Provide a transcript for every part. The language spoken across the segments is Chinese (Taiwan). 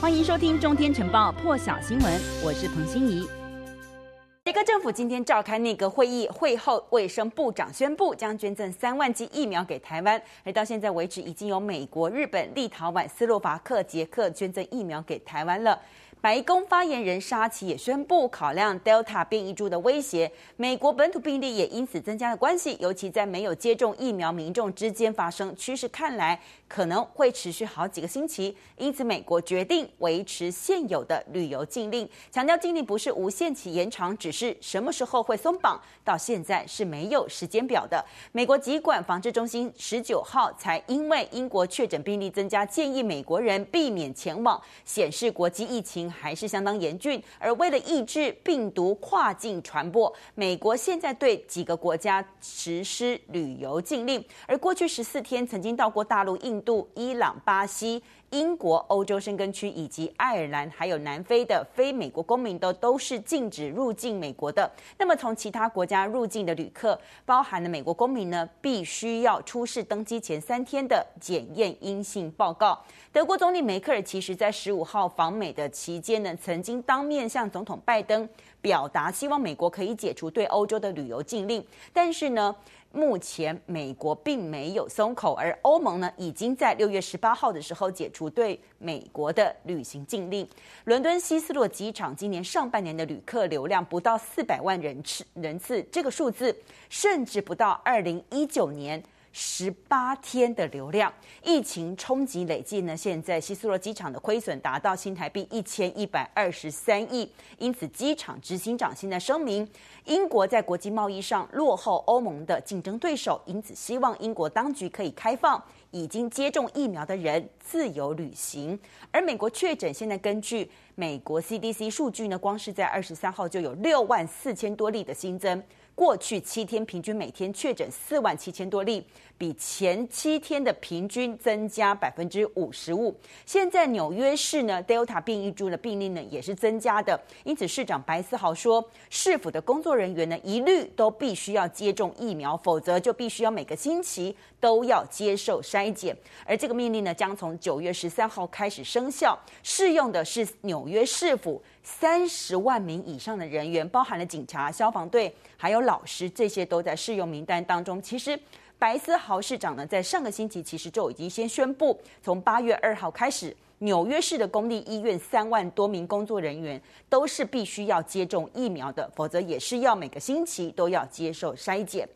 歡迎收聽《中天晨報》破曉新聞，我是彭欣怡。捷克政府今天召開內閣會議，會後衛生部長宣布將捐贈三萬劑疫苗給台灣。而到現在為止，已經有美國、日本、立陶宛、斯洛伐克、捷克捐贈疫苗給台灣了。白宮發言人莎琪也宣布，考量 Delta 變異株的威脅，美國本土病例也因此增加了關係，尤其在沒有接種疫苗民眾之間發生趨勢，看來可能會持續好幾個星期。因此，美國決定維持現有的旅遊禁令，強調禁令不是無限期延長，只是什麼時候會鬆綁，到現在是沒有時間表的。美國疾管防治中心十九號才因為英國確診病例增加，建議美國人避免前往，顯示國際疫情。還是相當嚴峻，而為了抑制病毒跨境傳播，美國現在對幾個國家實施旅遊禁令。而過去十四天曾經到過大陸、印度、伊朗、巴西、英國、歐洲申根區以及愛爾蘭，還有南非的非美國公民都都是禁止入境美國的。那麼，從其他國家入境的旅客，包含了美國公民呢，必須要出示登機前三天的檢驗陰性報告。德國總理梅克爾其實在十五號訪美的期間呢，曾經當面向總統拜登表達希望美國可以解除對歐洲的旅遊禁令，但是呢。目前美國並沒有鬆口，而歐盟呢，已經在六月十八號的時候解除對美國的旅行禁令。倫敦希斯洛機場今年上半年的旅客流量不到四百萬人次，人次這個數字甚至不到二零一九年。十八天的流量，疫情衝擊累計呢，現在希斯洛機場的虧損達到新台幣一千一百二十三億。因此，機場執行長現在聲明：英國在國際貿易上落後歐盟的競爭對手，因此希望英國當局可以開放已經接種疫苗的人自由旅行。而美國確診現在根據美國 CDC 數據呢，光是在二十三號就有六萬四千多例的新增，過去七天平均每天確診四萬七千多例。比前七天的平均增加百分之五十五。現在紐約市呢，Delta 變異株的病例呢也是增加的。因此，市長白思豪說，市府的工作人員呢一律都必須要接種疫苗，否則就必須要每個星期都要接受篩檢。而這個命令呢將從九月十三號開始生效，適用的是紐約市府三十萬名以上的人員，包含了警察、消防隊還有老師，這些都在適用名單當中。其實。白思豪市長呢，在上個星期其實就已經先宣布，從八月二號開始，紐約市的公立醫院三萬多名工作人員都是必須要接種疫苗的，否則也是要每個星期都要接受篩檢。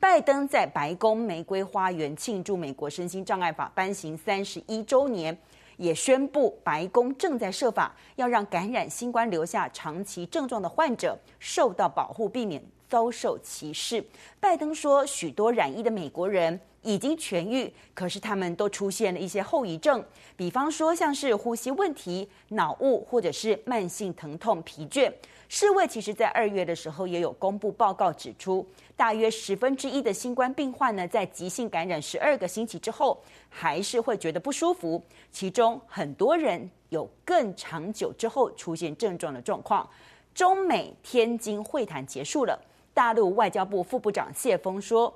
拜登在白宮玫瑰花園慶祝《美國身心障礙法》頒行三十一周年，也宣布白宮正在設法要讓感染新冠留下長期症狀的患者受到保護，避免。遭受歧視，拜登說，許多染疫的美國人已經痊癒，可是他們都出現了一些後遺症，比方說像是呼吸問題、腦霧或者是慢性疼痛、疲倦。世衛其實在二月的時候也有公布報告，指出大約十分之一的新冠病患呢，在急性感染十二個星期之後，還是會覺得不舒服，其中很多人有更長久之後出現症狀的狀況。中美天津會談結束了。大陸外交部副部長謝鋒說，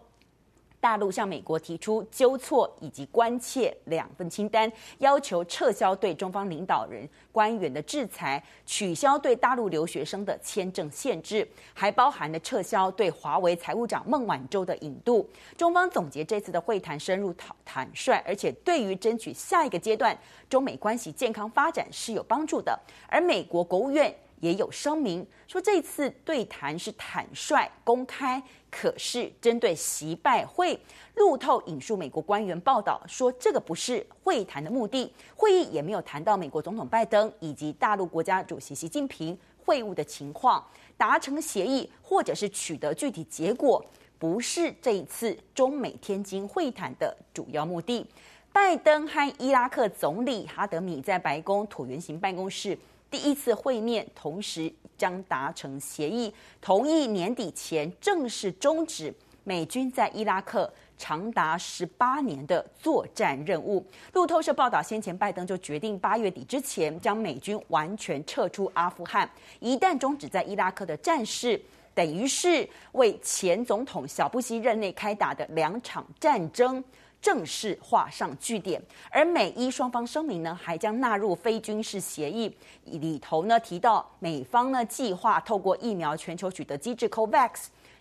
大陸向美國提出糾錯以及關切兩份清單，要求撤銷對中方領導人官員的制裁，取消對大陸留學生的簽證限制，還包含了撤銷對華為財務長孟晚舟的引渡。中方總結這次的會談深入坦坦率，而且對於爭取下一個階段中美關係健康發展是有幫助的。而美國國務院。也有聲明說，這次對談是坦率公開。可是，針對習拜會，路透引述美國官員報道說，這個不是會談的目的。會議也沒有談到美國總統拜登以及大陸國家主席習近平會晤的情況，達成協議或者是取得具體結果，不是這一次中美天津會談的主要目的。拜登和伊拉克總理哈德米在白宮橢圓形辦公室。第一次會面，同時將達成協議，同意年底前正式終止美軍在伊拉克長達十八年的作戰任務。路透社報道，先前拜登就決定八月底之前將美軍完全撤出阿富汗。一旦終止在伊拉克的戰事，等於是為前總統小布希任內開打的兩場戰爭。正式畫上句點，而美伊雙方聲明呢，還將納入非軍事協議裡頭呢，提到美方呢計劃透過疫苗全球取得機制 COVAX，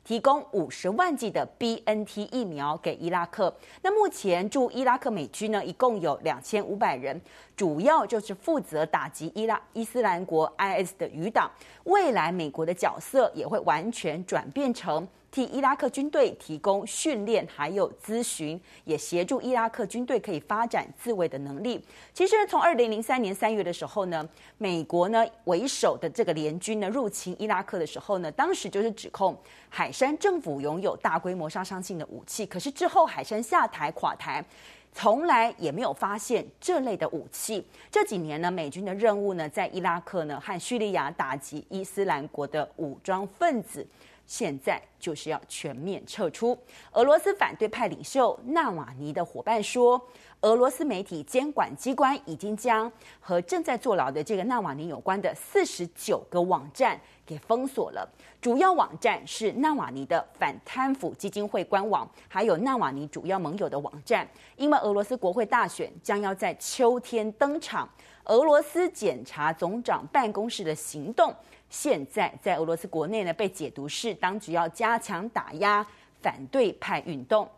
提供五十萬劑的 BNT 疫苗給伊拉克。那目前駐伊拉克美軍呢，一共有兩千五百人，主要就是負責打擊伊拉伊斯蘭國 IS 的餘黨。未來美國的角色也會完全轉變成。替伊拉克軍隊提供訓練，還有諮詢，也協助伊拉克軍隊可以發展自衛的能力。其實從二零零三年三月的時候呢，美國呢為首的這個聯軍呢入侵伊拉克的時候呢，當時就是指控海珊政府擁有大規模殺傷性的武器。可是之後海珊下台垮台，從來也沒有發現這類的武器。這幾年呢，美軍的任務呢在伊拉克呢和敘利亞打擊伊斯蘭國的武裝分子。現在就是要全面撤出。俄羅斯反對派領袖納瓦尼的夥伴說，俄羅斯媒體監管機關已經將和正在坐牢的這個納瓦尼有關的四十九個網站給封鎖了。主要網站是納瓦尼的反貪腐基金會官網，還有納瓦尼主要盟友的網站。因為俄羅斯國會大選將要在秋天登場。俄羅斯檢察總長辦公室的行動，現在在俄羅斯國內呢，被解讀是當局要加強打壓反對派運動。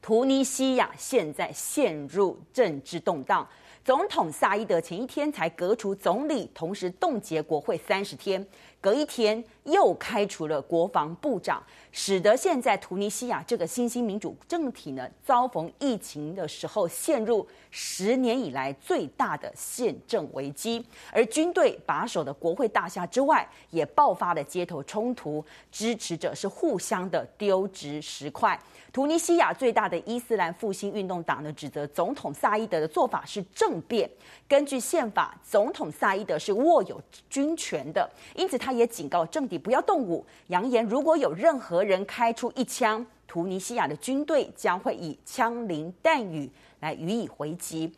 突尼西亞現在陷入政治動盪，總統薩伊德前一天才革除總理，同時凍結國會三十天。隔一天又開除了國防部長，使得現在突尼西亞這個新興民主政體呢，遭逢疫情的時候陷入十年以來最大的憲政危機。而軍隊把守的國會大廈之外，也爆發了街頭衝突，支持者是互相的丟擲石塊。突尼西亞最大的伊斯蘭復興運動黨呢，指責總統薩伊德的做法是政變。根據憲法，總統薩伊德是握有軍權的，因此他。也警告政敵不要動武，揚言如果有任何人開出一槍，突尼西亞的軍隊將會以槍林彈雨來予以回擊。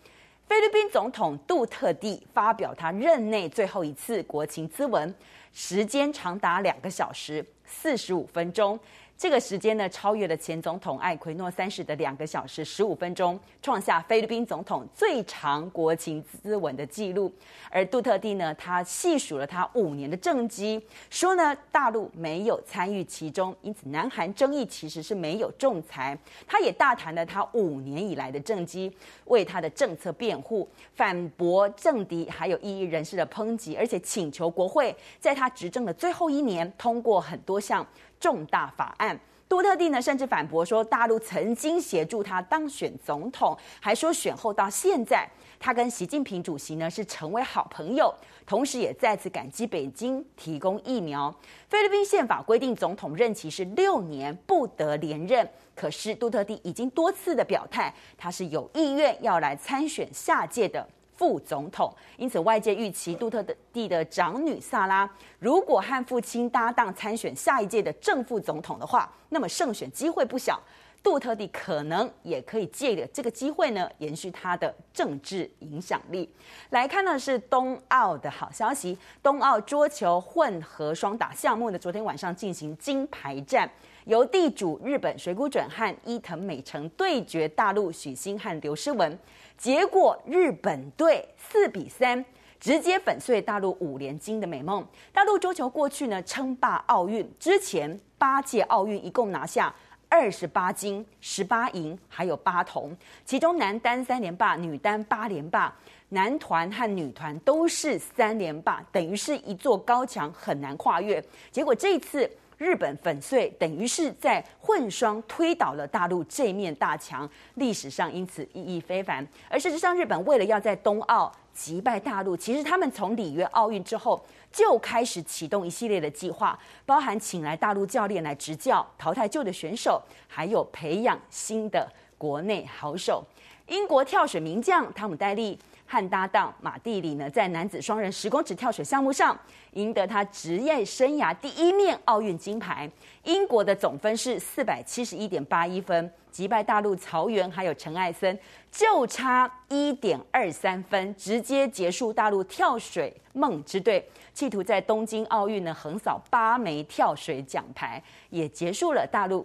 菲律賓總統杜特蒂發表他任內最後一次國情諮文，時間長達兩個小時四十五分鐘。這個時間呢，超越了前總統艾奎諾三世的兩個小時十五分鐘，創下菲律賓總統最長國情諮文的記錄。而杜特蒂呢，他細數了他五年的政績，說呢大陸沒有參與其中，因此南海爭議其實是沒有仲裁。他也大談了他五年以來的政績，為他的政策辯護，反駁政敵還有異議人士的抨擊，而且請求國會在他執政的最後一年通過很多項。重大法案，杜特蒂呢甚至反駁說，大陸曾經協助他當選總統，還說選後到現在，他跟習近平主席呢是成為好朋友，同時也再次感激北京提供疫苗。菲律賓憲法規定，總統任期是六年，不得連任。可是杜特蒂已經多次的表態，他是有意願要來參選下屆的。副總統，因此外界預期杜特蒂的長女薩拉，如果和父親搭檔參選下一屆的正副總統的話，那麼勝選機會不小。杜特蒂可能也可以借着這個機會呢，延續他的政治影響力。來看呢，是東奧的好消息，東奧桌球混合雙打項目呢，昨天晚上進行金牌戰，由地主日本水谷準和伊藤美誠對決大陸許昕和劉詩雯，結果日本隊四比三，直接粉碎大陸五連金的美夢。大陸桌球過去呢稱霸奧運，之前八屆奧運一共拿下。二十八金、十八銀，還有八銅，其中男單三連霸，女單八連霸，男團和女團都是三連霸，等於是一座高牆很難跨越。結果這一次。日本粉碎，等於是在混雙推倒了大陸這面大牆，歷史上因此意義非凡。而事實上，日本為了要在東奧擊敗大陸，其實他們從里約奧運之後就開始啟動一系列的計劃，包含請來大陸教練來執教、淘汰舊的選手，還有培養新的國內好手。英國跳水名將湯姆戴利。和搭檔馬蒂李呢，在男子雙人十公尺跳水項目上贏得他職業生涯第一面奧運金牌。英國的總分是四百七十一點八一分，擊敗大陸曹緣還有陳艾森，就差一點二三分，直接結束大陸跳水夢之隊，企圖在東京奧運呢橫掃八枚跳水獎牌，也結束了大陸。